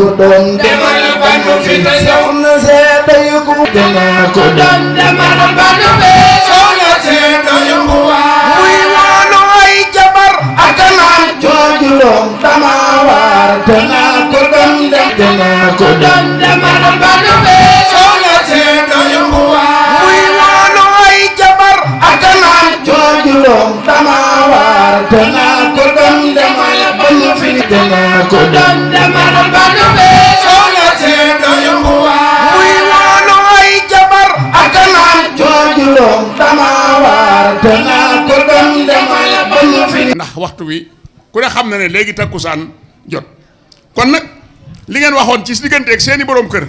ko doon demal banu fi te soxna see doy ko damaa jabar ak jooju loom damaa waar danaa ko doon dem danaa ko doon demal banu fi soxna see doy jabar ak jooju loom damaa waar danaa ko doon demal ndax waxtu wi ku ne xam na ne léegi takkusaan jot kon nag li ngeen waxoon ci diggante seeni borom kër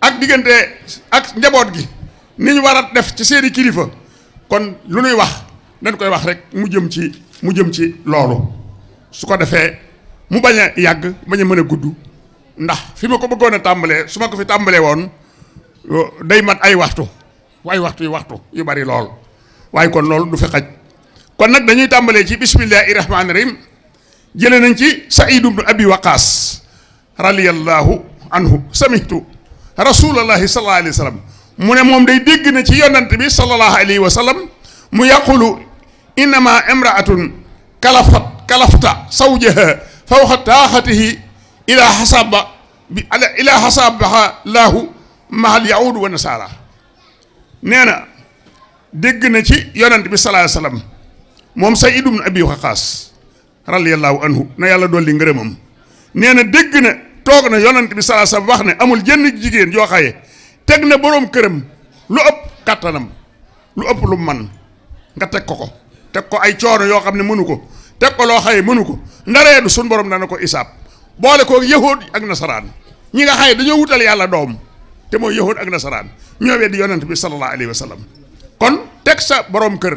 ak diggante ak njaboot gi ni ñu war a def ci seeni kilifa kon lu nuy wax dañ koy wax rek mu jëm ci mu jëm ci loolu su ko defee mu bañ a yàgg bañ a mën a gudd ndax fi ma ko bëggoon tàmbalee su ma ko fi tàmbalee woon day mat ay waxtu ay waxtu yu waxtu yu bari lool waay kon loolu du fi xaj kon nag dañuy tàmbalee ci bismillahi rahmaani rahim jëlee nañ ci Saïd ibnu Abi Waqaas radiyallahu anhu samihtu rasulallahi sallallahu alayhi wa sallam mu ne moom day dégg ci yonant bi sallallahu mu yaqulu innama imraatun kalafat kalafta sawjaha fawqa taaxatihi ila xasaba bi ila xasabaha laahu wa nasaara nee dégg na ci yonant bi salaa salaam moom Saïd ibn Abi Waqaas radiyallahu anhu na yàlla dolli ngërëmam nee na dégg na toog na yonant bi salaa salaam wax ne amul jenn jigéen yoo xaye teg na boroom këram lu ëpp kàttanam lu ëpp lu man nga teg ko ko teg ko ay coono yoo xam ne mënu ko teg ko loo xaye mënu ko ndareedu suñ borom dana ko isaab boole koo yahood ak nasaraan ñi nga xaye dañoo wutal yàlla doom te mooy yahood ak nasaraan ñoo weddi yonent bi sallallahu alayhi wa kon teg sa borom kër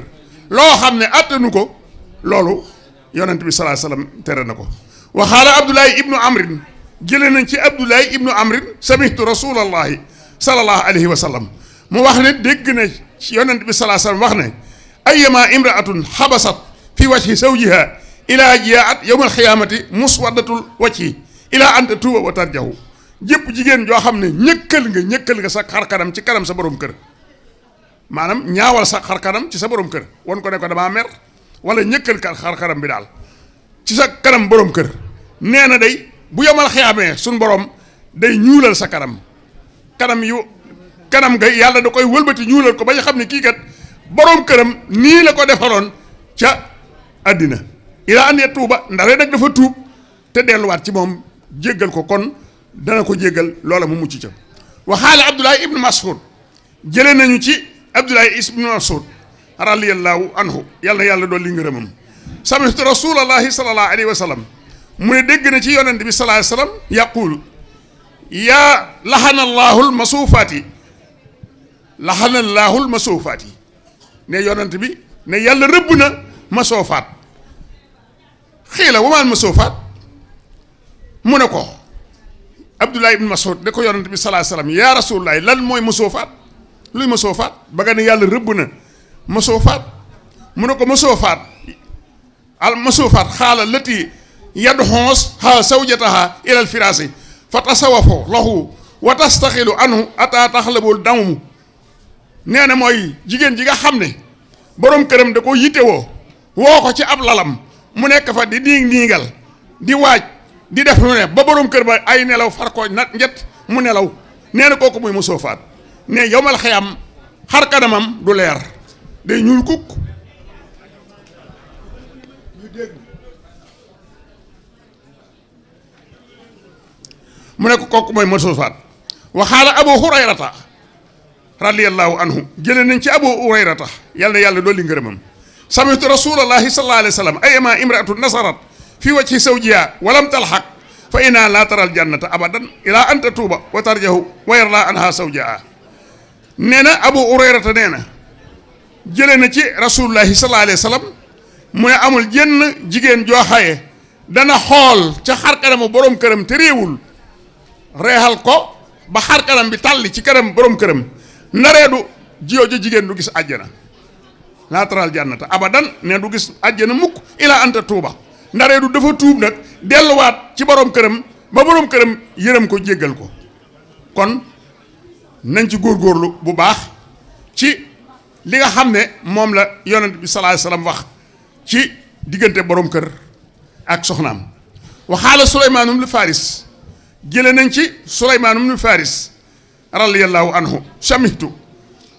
loo xam ne attanu ko loolu yonent bi salaa salaam tere na ko waxaala abdoulaye ibnu amrin jële nañ ci abdoulaye ibnu amrin samihtu rasulallahi salallahu alayhi wa sallam mu wax ne dégg na yonent bi salaa salaam wax ne ayama imraatun xabasat fi wajhi zawjiha ilaa jiyaat yowmal xiyaamati muswaddatul wajhi ilaa anta tuuba wa tarjahu jëpp jigéen joo xam ne ñëkkal nga ñëkkal nga sa xar kanam ci kanam sa borom kër maanaam ñaawal sa xar kanam ci sa borom kër wan ko ne ko damaa mer wala ñëkkal ka xarkanam bi daal ci sa kanam boroom kër nee na day bu yomal xiyaamee suñ borom day ñuulal sa kanam kanam yu kanam ga yàlla da koy wëlbati ñuulal ko ba ñu xam ne kii kat boroom këram nii la ko defaroon ca àddina ilaa an yatuuba ndare nag dafa tuub te delluwaat ci moom jéggal ko kon dana ko jéggal loola mu mucc ca waxaale Abdullah ibnu Mas'ud jëlee nañu ci abdoulaye ibnu mas'ud radiallahu anhu yàlla yàlla dool li ngërëmam samitu rasulallahi salallahu alayhi wa sallam mu ne dégg na ci yonent bi sallallahu alayhi wa sallam yaquulu yaa laxanallaahu l masuufaati laxanallaahu l masuufaati ne yonent bi ne yàlla rëbb na masoofaat xiila wamaan masoofaat mu ne ko abdoulaye ibnu mas'ud ne ko yonent bi sallallahu alayhi wa sallam yaa rasulullahi lan mooy masoofaat luy ma faat ba nga ne yàlla rëbb na ma faat mu ne ko ma soo faat al ma soo faat xaala lati yadu xoos xaa sawjataha ilal firaasi fa tasawafo lahu wa tastaxilu anhu ataa taxlabul damumu nee na mooy jigéen ji nga xam ne borom këram da ko yittewoo woo ko ci ab lalam mu nekk fa di diig diigal di waaj di def lu ne ba borom kër ba ay nelaw far nat nag mu nelaw nee na kooku muy mosoo faat ne yowmal xayam xar kanamam du leer day ñuul kukk mu ne ko kooku mooy masuusaat waxaala abu hurayrata radiyallahu anhu jëlee nañ ci abu hurayrata yàlla na yàlla dolli ngërëmam samitu rasulallahi sallallahu alayhi wa sallam ayama imraatu nasarat fi wajhi sawjiha walam talxaq fa inaa laa taral jannata abadan ila anta tuuba wa tarjahu wa yarla anha sawjaha nee na abu hurayrata nee na jële na ci rasulullahi sallallahu alayhi wa amul jenn jigéen joo dana xool ca xarkanamu borom këram te réewul reexal ko ba xarkanam bi tàlli ci këram borom këram nareedu ja jigéen du gis àjjana laataral jànnata abadan ne du gis àjjana mukk ilaa anta tuuba nareedu dafa tuub nag delluwaat ci borom këram ba borom këram yërëm ko jéggal ko nañ ci góor góorgóorlu bu baax ci li nga xam ne moom la yonent bi sallallahu alayhi wasallam wax ci diggante borom kër ak soxnaam waxaala suleymaanum lu faris jële nañ ci suleymaanum lu faris radiyallahu anhu samihtu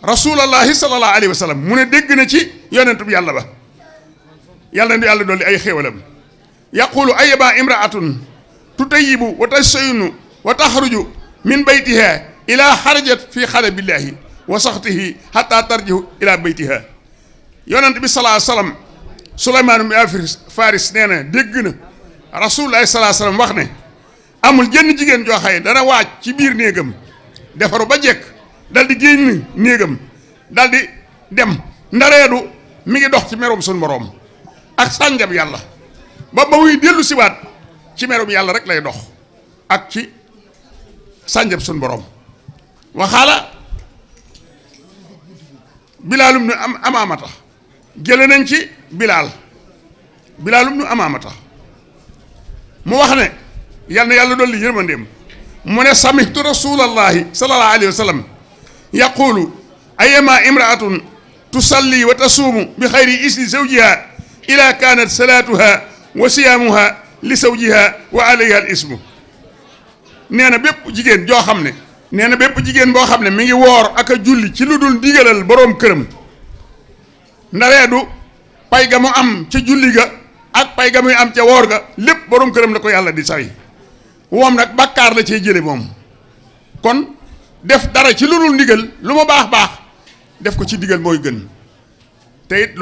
rasulallahi sallallahu alayhi wa sallam mu ne dégg na ci yonentu bi yàlla ba yàlla na yàlla dolli ay xéewalam yaqulu ayyaba imraatun tutayyibu wa tasaynu wa taxruju min baytiha ilaa xarajat fii xarabillaahi wa saxtihi xataa tarjihu ilaa baytiha yonent bi salaa salaam Souleymane mi Afris Faris nee na dégg na salaa salaam wax ne amul jenn jigéen joo xaye dana waaj ci biir néegam defaru ba jekk dal di génn néegam daldi dem ndareedu mi ngi dox ci merum suñu boroom ak sànjab yàlla ba ba muy dellu siwaat ci merum yàlla rek lay dox ak ci sànjab suñu boroom. وخالا بلال بن امامته جيل نانتي بلال بلال بن امامته مو واخني يالنا يالا دولي يرمانديم من سمعت رسول الله صلى الله عليه وسلم يقول ايما امراه تصلي وتصوم بخير اسم زوجها الى كانت صلاتها وصيامها لزوجها وعليها الاسم نانا بيب جيجين جو خامني nee bepp jigen bo xamne mi ngi wor ak julli ci luddul digelal borom kërëm këram pay ga mu am ci julli ga ak pay ga muy am ci wor ga lepp borom kërëm lako yalla di sawi wom nak bakkar la ci jëlé mom kon def dara ci luddul digel ndigal bax bax def ko ci digel moy gën te it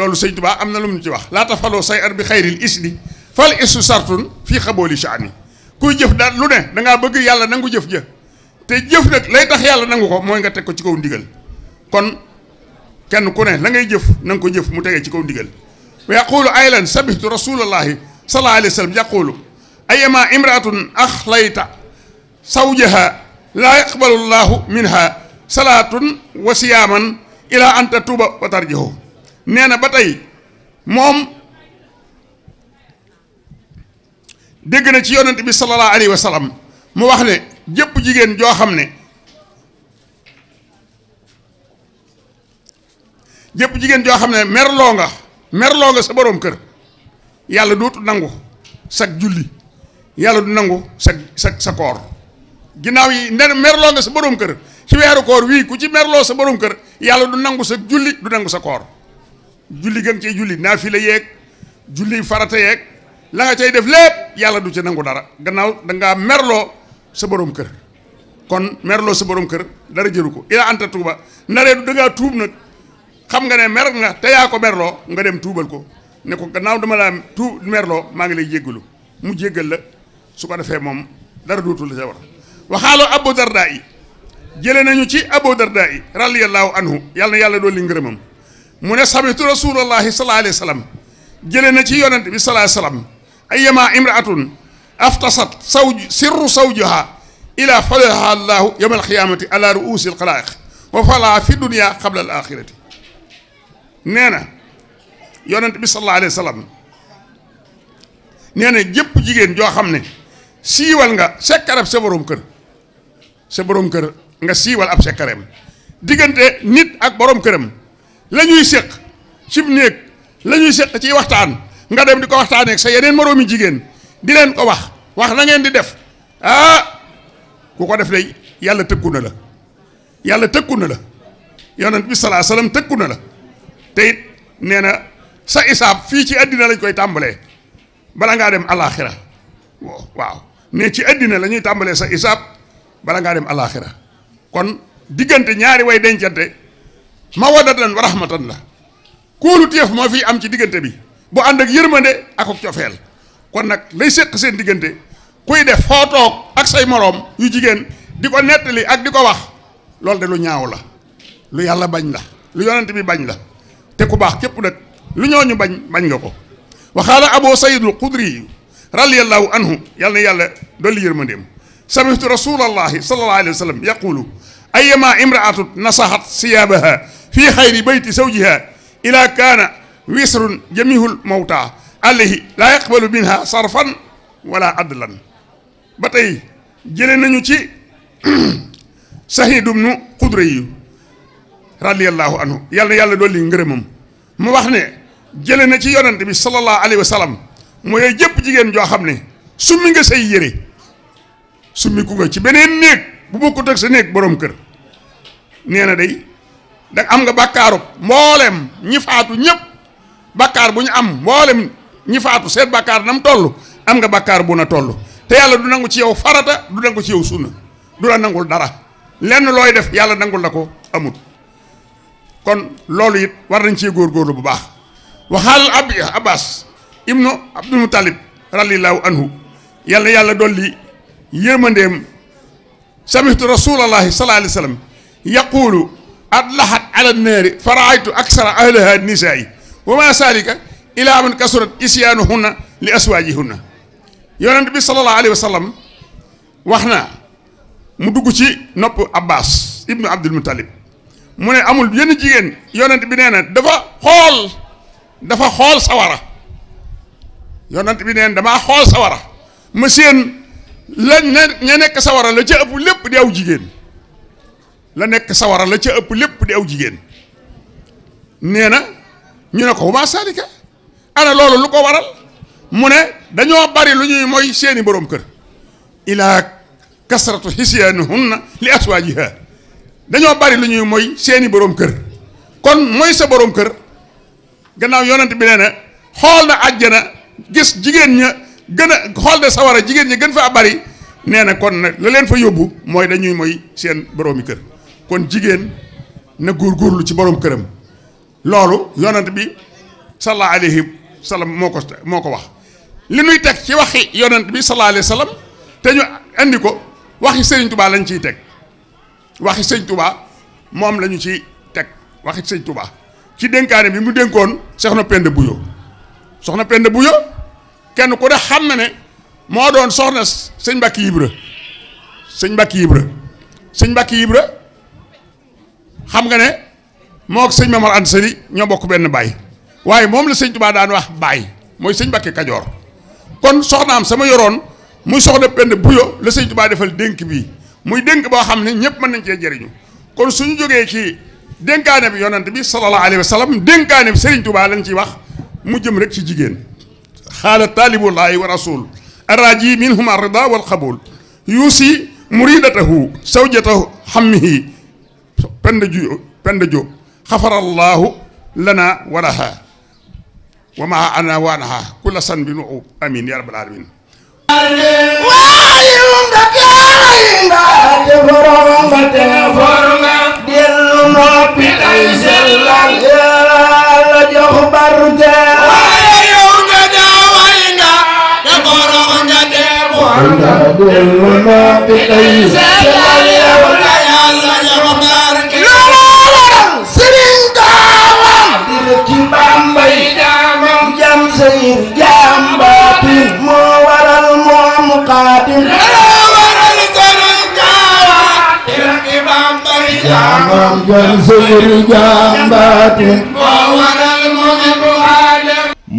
am lu mu ci wax la tafalo say bi khairil isli fal isu sartun fi khaboli shaani kuy jëf da lu ne da nga bëgg yalla nangu jëf jëf te jëf nag lay tax yalla nangu ko moy nga tek ko ci kaw ndigal kon kenn ku ne la ngay jëf nang ko jëf mu tege ci kaw ndigal wa yaqulu aylan sabihtu rasulullah sallallahu alaihi wasallam yaqulu ayyama imraatun axlayta sawjaha la yaqbalu allah minha salatun wa siyaman ila an tatuba wa tarjihu neena batay mom tey na ci yonnati bi sallallahu Alaihi Wasallam, mu wax ne jigen jo xamne jep jigen jo xamne merlo nga merlo nga sa borom keur yalla dut nangu sak julli yalla du nangu sak sak sa kor ginaaw yi ner merlo nga sa borom keur ci wéru kor wi ku ci merlo sa borom keur yalla du nangu sak julli du nangu sa kor julli gam julli yek julli farata yek la nga cey def lepp yalla du ci nangu dara gannaaw dangaa merloo sa kon merloo sa borom kër dara jëru ko ila anta tuuba naree du dangaa tuub nag xam nga ne mer nga te yaa ko merloo nga dem tuubal ko ne ko gannaaw dama laa tuub merloo maa ngi lay jéggalu mu jéggal la su ko defee moom dara dootul la sa war waxaaloo abou darda yi jële nañu ci abou darda yi radiallahu anhu yàlla na yàlla dolli ngërëmam mu ne sabitu rasulallahi sallallahu alayhi wa sallam jële na ci yonent bi sallallahu alayhi wa sallam ayyama imraatun aftasat sawj sirru sawjiha ila falaha llahu al alqiyamati ala ruusi qalaq, wa fala fi dunia qabla al akhirati. nee na yonent bi sallallahu alayhi wa sallam nee na jëpp jigéen joo nga sekarab sa borom kër sa borom nga siwal ab sekkareem nit ak borom këram la ñuy séq cib néeg la ñuy séq nga dem di ko waxtaaneeg sa yeneen moroomi jigen, di leen ko wax wax ngeen di def ah ku ko def day yàlla tëkku na la yàlla tëkku na la yonent bi salaa salaam tëkku na la te it nee na sa isaab fii ci àddina lañ koy tàmbalee bala ngaa dem alaaxira waaw ne ci àddina lañuy tàmbalee sa isaab bala ngaa dem alaaxira kon diggante ñaari way dencante mawaddatan wa rahmatan la kóolu téef moo fii am ci diggante bi bu ànd ak yërmande ak ak cofeel kon nag lay séq seen diggante kuy def foo toog ak say morom yu jigéen di ko nettali ak di ko wax loolu de lu ñaaw la lu yàlla bañ la lu yonent bañ la te ku baax képp nag lu ñooñu bañ bañ nga ko waxaala abu sayidul xudri radiallahu anhu yàlla na yàlla dolli yërmandeem samihtu rasulallahi sallallahu alayhi wa sallam yaqulu ayama imraatun nasaxat siyaabaha fi xayri bayti zawjiha ila kaana wisrun jamihul mawta alayhi laa yaqbalu minha sarfan wala adlan ba tey jële nañu ci saxiidum nu xudre yu radiyallahu anhu yàlla yàlla dolli ngërëmam mu wax ne jële na ci yonante bi sallallahu alayhi wa sallam mooy jëpp jigéen joo xam ne summi nga say yére summi nga ci beneen néeg bu bokkut ak sa néeg boroom kër nee na day da am nga bàkkaarub mboolem ñi faatu ñëpp bàkkaar bu ñu am mboolem ñi faatu seet bàkkaar mu toll am nga bàkkaar bu na toll te yàlla du nangu ci yow farata du nangu ci yow sunna du la nangul dara lenn looy def yàlla nangul la ko amut kon loolu it war nañ cee góorgóorlu bu baax waxaal ab abbas ibnu abdul mutalib radiallahu anhu yàlla yàlla dolli yërmandeem samihtu rasulallahi sallallahu alayhi wa sallam yaqulu adlahat ala naari faraaytu aksara ahlaha nisaa yi wa ma salika ila man kasurat isyaanu hunna li aswaajihunna yonent bi sallallahu alayhi wa wax na mu dugg ci nopp abbas ibnu abdul muttalib mu ne amul yenn jigéen yonant bi nee na dafa xool dafa xool sawara yonent bi nee damaa xool sawara ma séen la ne ña nekk sawara la ca ëpp lépp di aw jigéen la nekk sawara la ca ëpp lépp di aw jigéen nee na ñu ne ko bu saalika ana loolu lu ko waral mu ne dañoo bari lu ñuy mooy seeni boroom kër ilaa kasratu xisyaanihunna li aswaajiha dañoo bari lu ñuy mooy seeni boroom kër kon mooy sa boroom kër gannaaw yonant bi nee na xool na àjjana gis jigéen ña gën a xool de sawara jigéen ña gën faa bari nee na kon nag la leen fa yóbbu mooy dañuy mooy seen boroomi kër kon jigéen na góorgóorlu ci boroom këram loolu yonent bi sallallahu alayhi wa sallam moo ko moo ko wax li nuy teg ci waxi yonent bi sallallahu alayhi wa te ñu indi ko waxi sëriñ tubaa lañ ciy teg waxi sëñ tubaa moom lañu ci teg waxi sëñ tubaa ci dénkaane bi mu dénkoon soxna Penda Buyo soxna Penda Buyo kenn ku de xam na ne moo doon soxna sëñ Mbàkke Ibra sëñ Mbàkke Ibra sëñ Mbàkke Ibra xam nga ne moo ak sëñ Mamar Anta Sali ñoo bokk benn baay waaye moom la sëñ tubaa daan wax baay mooy sëñ Mbàkke Kajoor kon soxnaam sama yoron muy soxna Penda Buyo le seigne touba defal dénk bi muy dénk bo xamni ñëpp man nañ ci jëriñu kon suñu joge ci denkane bi yonent bi sallallahu alayhi wasallam denkane bi seigne touba lañ ci wax mu jëm rek ci jigéen xaala taalibullaahi wa rasul araji minhum arda wal qabul yusi muridatahu sawjatahu xammihi penda ju penda jo allah lana wa laha وما أنا وانها كل سن بنوع أمين يا رب العالمين Sering kawan, dirci bambai dan sëyin jàmbaati moo waral moom xaatim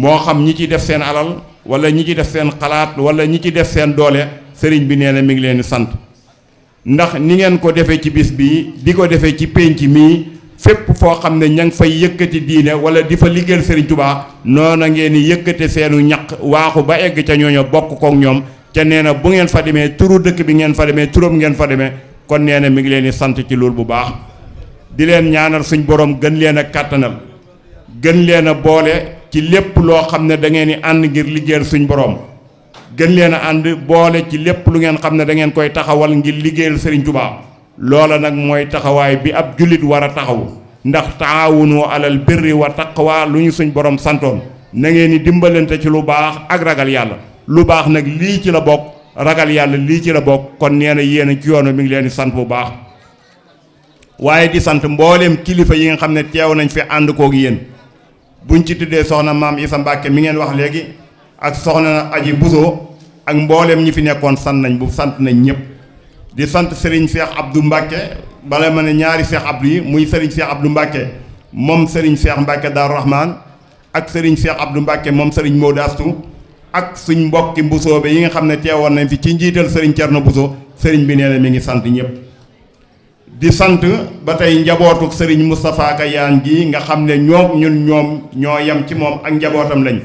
moo xam ñi ci def seen alal wala ñi ci def seen xalaat wala ñi ci def seen doole sëriñ bi nee na mi ngi leen sant ndax ni ngeen ko defee ci bis bi di ko defee ci pénc mii fépp foo xam ne ña ngi fay yëkkati diine wala di fa liggéeyal Serigne Touba noona ngeen di yëkkate seenu ñaq waaxu ba egg ca ñooñu bokk kook ñoom ca nee na bu ngeen fa demee turu dëkk bi ngeen fa demee turam ngeen fa demee kon nee na mi ngi leen di sant ci loolu bu baax di leen ñaanal suñ borom gën leen a kàttanal gën leen a boole ci lépp loo xam ne da ngeen di ànd ngir liggéeyal suñ borom gën leen a ànd boole ci lépp lu ngeen xam ne dangeen koy taxawal ngir liggéeyal Serigne Touba. loola nag mooy taxawaay bi ab jullit war a taxaw ndax taawunu alal birri wa taqwa lu ñu suñ borom santoon na ngeen ni dimbalante ci lu baax ak ragal yàlla lu baax nag lii ci la bokk ragal yàlla lii ci la bokk kon nee na yéen ci yoonu mi ngi leen di sant bu baax waaye di sant mbooleem kilifa yi nga xam ne teew nañ fi ànd koog yéen buñ ci tuddee soxna maam sa Mbàkke mi ngeen wax léegi ak soxna aji Buso ak mbooleem ñi fi nekkoon sant nañ bu sant nañ ñëpp. di sant Serigne Cheikh Abdou Mbacke bala ma ne ñaari Cheikh Abdou yi muy Serigne Cheikh Abdou Mbacke moom Serigne Cheikh Mbacke Darou Rahman ak Serigne Cheikh Abdou Mbacke moom Serigne Modou Astou ak suñ mbokki mbusoobe yi nga xam ne teewoon nañ fi ci njiital Serigne Thierno Bousso sëriñ bi nee na mi ngi sant ñëpp. di sant ba tey njabootu Serigne Moustapha Kayaan gi nga xam ne ñoom ñun ñoom ñoo yem ci moom ak njabootam lañ.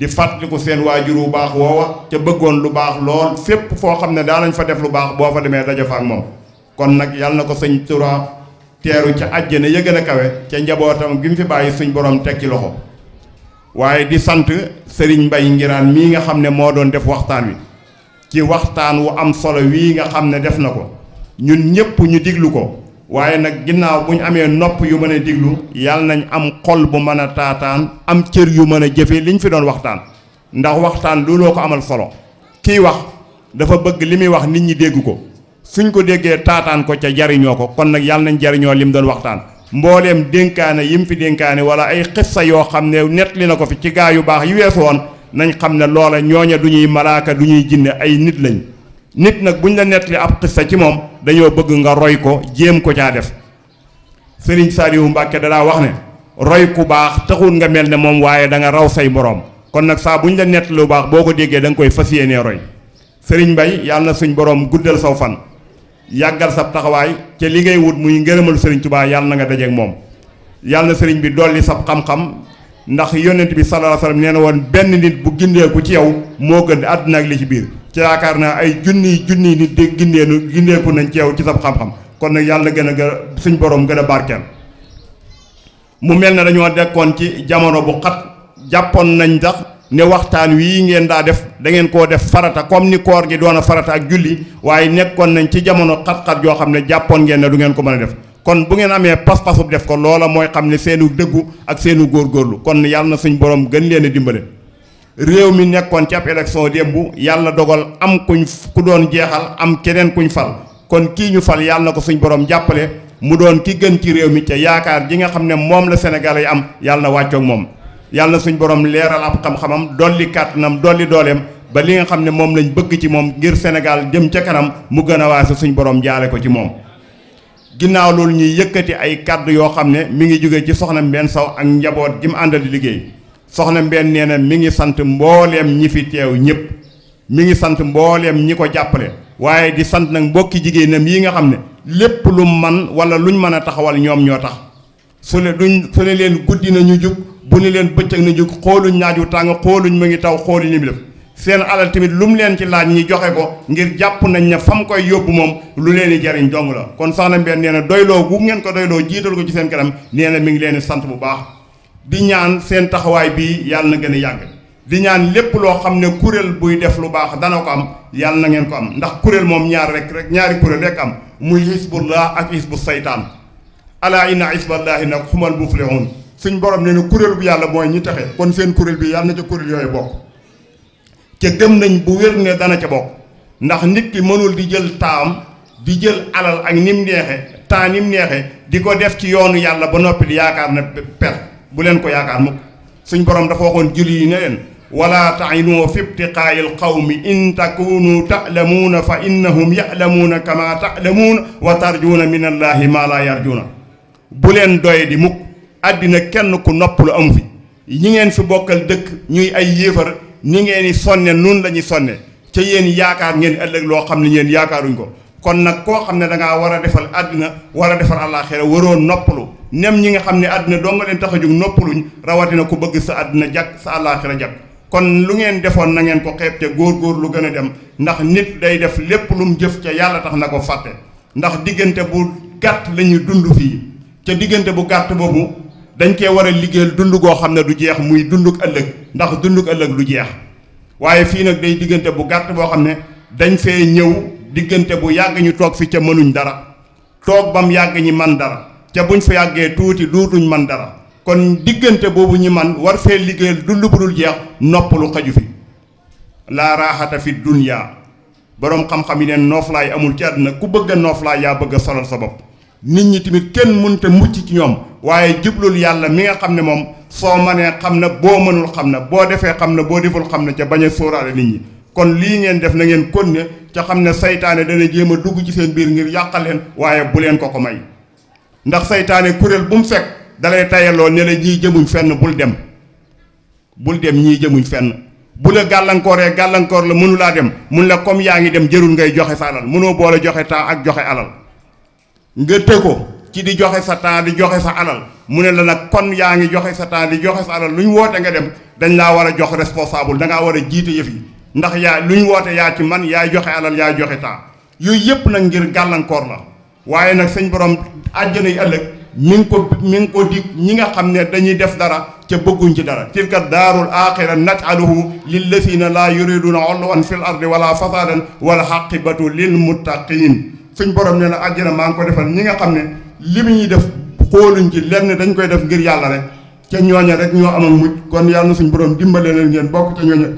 di fàttaliku seen waajur wu baax woowa ca bëggoon lu baax lool fépp foo xam ne daanañ fa def lu baax boo fa demee daje fa ak moom kon nag yàlla na ko sëñ Tuubaa teeru ca àjjana ya kawe ca njabootam gi mu fi bàyyi suñ borom teg ci loxo waaye di sant sëriñ Mbay Ngiraan mii nga xam ne moo doon def waxtaan wi ci waxtaan wu am solo wii nga xam ne def na ko ñun ñëpp ñu diglu ko waaye nag ginnaaw bu ñu amee nopp yu mën a diglu yàlla nañu am xol bu mën a taataan am cër yu mën a jëfe ñu fi doon waxtaan ndax waxtaan loo ko amal solo kii wax dafa bëgg li muy wax nit ñi dégg ko suñ ko déggee taataan ko ca jariñoo ko kon nag yàlla nañ jariñoo li mu doon waxtaan mbooleem dénkaane yi mu fi dénkaane wala ay xissa yoo xam ne nettali na ko fi ci gaa yu baax yu weesu woon nañ xam ne loola ñooña du ñuy malaaka du ñuy jinne ay nit lañ nit nag buñ la nettali ab sa ci moom dañoo bëgg nga roy ko jéem ko caa def sëriñ Saliou Mbacke danaa wax ne roy ku baax taxul nga mel ne moom waaye da nga raw say moroom kon nag saa ñu la nettali lu baax boo ko déggee da nga koy fas yéenee roy sëriñ Mbay yàlla na suñ borom guddal saw fan yàggal sab taxawaay ca li ngay wut muy ngërëmal sëriñ Tuubaa yàlla na nga dajeek moom yàlla na sëriñ bi dolli sab xam-xam ndax yonent bi sallallahu alayhi wasallam nee na woon benn nit bu gindeeku ci yow moo gën àdduna ak li ci biir ci yaakaar naa ay junniy junniy nit de gindeenu gindeeku nañ ci yow ci sab xam-xam kon nag yàlla gën a gën a suñ boroom gën a barkeel mu mel ne dañoo nekkoon ci jamono bu xat jàppoon nañ ndax ne waxtaan wii ngeen daa def da ngeen koo def farata comme ni koor gi doon a farata ak julli waaye nekkoon nañ ci jamono xat-xat yoo xam ne jàppoon ngeen ne du ngeen ko mën a def kon bu ngeen amee pas-pasu def ko loola mooy xam ne seenu dëggu ak góor góorgóorlu kon yàlla na suñ borom gën leen a dimbale réew mi nekkoon ci ab élection démb yàlla dogal am kuñ ku doon jeexal am keneen kuñ fal kon kii ñu fal yàlla na ko suñu borom jàppale mu doon ki gën ci réew mi ca yaakaar ji nga xam ne moom la Sénégalais yi am yàlla na wàccoog moom yàlla suñu suñ borom leeral ab xam-xamam dolli kàttanam dolli dooleem ba li nga xam ne moom lañ bëgg ci moom ngir Sénégal jëm ca kanam mu gën a waase suñ borom jaare ko ci moom ginnaaw loolu ñuy yëkkati ay kàddu yoo xam ne mi ngi jóge ci soxna mbenn Sow ak njaboot gi mu àndal liggéey soxna mbenn nee na mi ngi sant mbooleem ñi fi teew ñëpp mi ngi sant mbooleem ñi ko jàppale waaye di sant nag mbokki jigéenam yi nga xam ne lépp lu man wala luñ mën a taxawal ñoom ñoo tax su ne duñ su ne leen guddi na ñu jug bu ne leen bëccëg na jug xooluñ naaj wu tàng xooluñ mu ngi taw xooluñ li mu def seen alal tamit lu mu leen ci laaj ñi joxe ko ngir jàpp nañ ne fam koy yóbbu moom lu leen di jariñ dong la kon soxna mbeen nee na doyloo gu ngeen ko doyloo jiital ko ci seen kanam nee na mi ngi leen di sant bu baax di ñaan seen taxawaay bii yàlla na gën a yàgg di ñaan lépp loo xam ne kuréel buy def lu baax dana ko am yàlla na ngeen ko am ndax kuréel moom ñaar rek rek ñaari kuréel rek am muy hisbullah ak hisbu saytaan ala inna hisballahi nag xumal muflihun suñ borom ne ne kuréel yàlla mooy ñi kon seen kuréel bi yàlla na ca kuréel yooyu bokk ci gëm nañ bu wér ne dana ca bok ndax nit ki mënul di jël taam di jël alal ak nim neexe temps nim neexe di ko def ci yoonu yàlla ba noppi di yaakaar ne per bu leen ko yaakaar mukk suñ borom dafa waxoon julli yi ne leen wala ta'inu fi ibtiqa'il qawmi in takunu ta'lamuna fa innahum ya'lamuna kama ta'lamun wa tarjuna min allahi ma la yarjuna bu len doy di mukk adina kenn ku nopp am fi ñi ngeen fi bokkal dëkk ñuy ay yéefar ni ngeen di sonne noonu la ñuy sonne ca yéen yaakaar ngeen ëllëg loo xam ne yéen yaakaaruñ ko kon nag koo xam ne da ngaa war a defal àddina war a defal àllaaxira waroo noppalu nem ñi nga xam ne àdduna doo nga leen tax a jóg noppaluñ rawatina ku bëgg sa àdduna jàkk sa àllaaxira jàkk kon lu ngeen defoon na ngeen ko xeeb te góor-góor lu gën a dem ndax nit day def lépp lu mu jëf ca yàlla tax na ko fàtte ndax diggante bu gàtt lañuy dund fii ca diggante bu gàtt boobu dañ cee war a liggéeyal dund goo xam ne du jeex muy dunduk ëllëg ndax dunduk ëllëg lu jeex waaye fii nag day diggante bu gàtt boo xam ne dañ fee ñëw diggante bu yàgg ñu toog fi ca mënuñ dara toog bam yàgg ñi man dara ca buñ fa yàggee tuuti duutuñ man dara kon diggante boobu ñi man war fee liggéeyal dund bu dul jeex noppalu xaju fi laa raaxata fi dunya boroom xam-xam yi neen nooflaay amul ci àdduna ku bëgg a nooflaay yaa bëgg a solal sa bopp nit ñi tamit kenn mënta mucc ci ñoom waaye jublul yàlla mi nga xam ne moom soo manee xam na boo mënul xam na boo defee xam na boo deful xam na ca bañ a sóoraale nit ñi kon lii ngeen def na ngeen kon ne ca xam ne saytaane dana jéem a dugg ci seen biir ngir yàqal leen waaye bu leen ko ko may ndax seytaane kuréel bu mu fekk dalay tayaloo ne la ñii jëmuñ fenn bul dem bul dem ñii jëmuñ fenn bu la gàllankooree gàllankoor la mënulaa dem mun la comme yaa ngi dem jërul ngay joxe sa alal mënoo boole joxe temps ak joxe alal ko ci di joxe sa temps di joxe sa alal mu ne la nag kon yaa ngi joxe sa temps di joxe sa alal lu ñu woote nga dem dañ laa war a jox responsable da ngaa war a jiite yëf yi ndax yaa lu ñu woote yaa ci man yaay joxe alal yaay joxe temps yooyu yëpp nag ngir gàllankoor la waaye nag sëñ borom àjjana yi ëllëg mi ngi ko mi ko dig ñi nga xam ne dañuy def dara ca bëgguñ ci dara tilka daarul axira najaluhu lillazina laa yuriduna ulwan fil ardi wala fasadan wal xaqibatu lil muttaqin suñ borom ne na àjjana maa ngi ko defal ñi nga xam ne li mu ñuy def xooluñ ci lenn dañ koy def ngir yàlla rek ca ñooña rek ñoo amam mujj kon yàlla na suñ borom dimbale leen ngeen bokk ca ñooña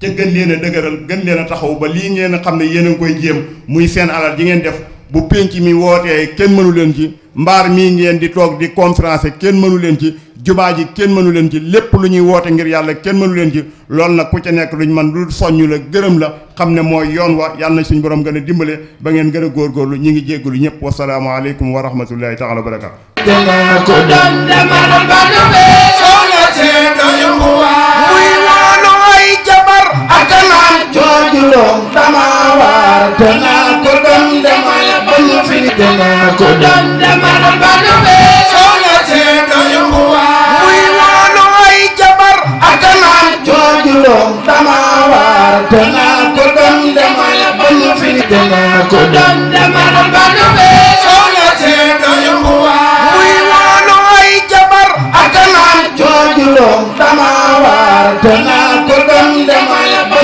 ca gën leen a dëgëral gën leen a taxaw ba lii ngeen a xam ne yéen a ngi koy jéem muy seen alal ji ngeen def bu pénc mi wootee kenn mënu leen ci mbaar mii ngeen di toog di conférence kenn mënu leen ci jubaa ji kenn mënu leen ci lépp lu ñuy woote ngir yàlla kenn mënu leen ci loolu nag ku ca nekk luñ man lu soññ la gërëm la xam ne mooy yoon wa yàlla na suñ borom gën a dimbale ba ngeen gën a góorgóorlu ñu ngi jéggalu ñëpp wasalaamaaleykum wa rahmatullahi taala wa barakaatu ko doon demal jooju loom dama waar danaa ko doon lu fi dana ko jabar ak laaj jooju loom dama waar dana ko doon demar ba nu fi dana ko doon demar ba nu wee dama waar